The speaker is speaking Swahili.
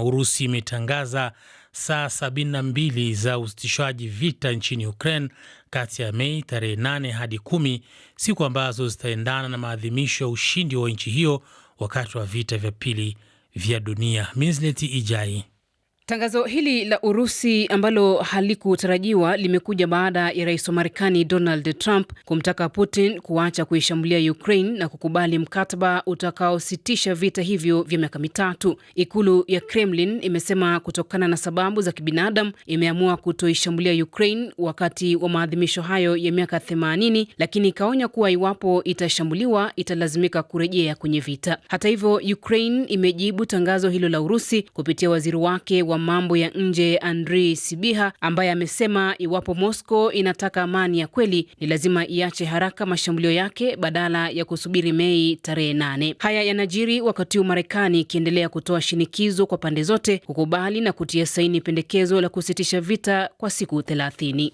Urusi imetangaza saa 72 za usitishwaji vita nchini Ukraine kati ya Mei tarehe 8 hadi 10, siku ambazo zitaendana na maadhimisho ya ushindi wa nchi hiyo wakati wa vita vya pili vya dunia. Minsleti Ijai. Tangazo hili la Urusi ambalo halikutarajiwa limekuja baada ya rais wa Marekani Donald Trump kumtaka Putin kuacha kuishambulia Ukraine na kukubali mkataba utakaositisha vita hivyo vya miaka mitatu. Ikulu ya Kremlin imesema kutokana na sababu za kibinadamu imeamua kutoishambulia Ukraine wakati wa maadhimisho hayo ya miaka 80, lakini ikaonya kuwa iwapo itashambuliwa italazimika kurejea kwenye vita. Hata hivyo, Ukraine imejibu tangazo hilo la Urusi kupitia waziri wake wa wa mambo ya nje Andrii Sibiha ambaye amesema iwapo Moscow inataka amani ya kweli ni lazima iache haraka mashambulio yake badala ya kusubiri Mei tarehe nane. Haya yanajiri wakati huu Marekani ikiendelea kutoa shinikizo kwa pande zote kukubali na kutia saini pendekezo la kusitisha vita kwa siku thelathini.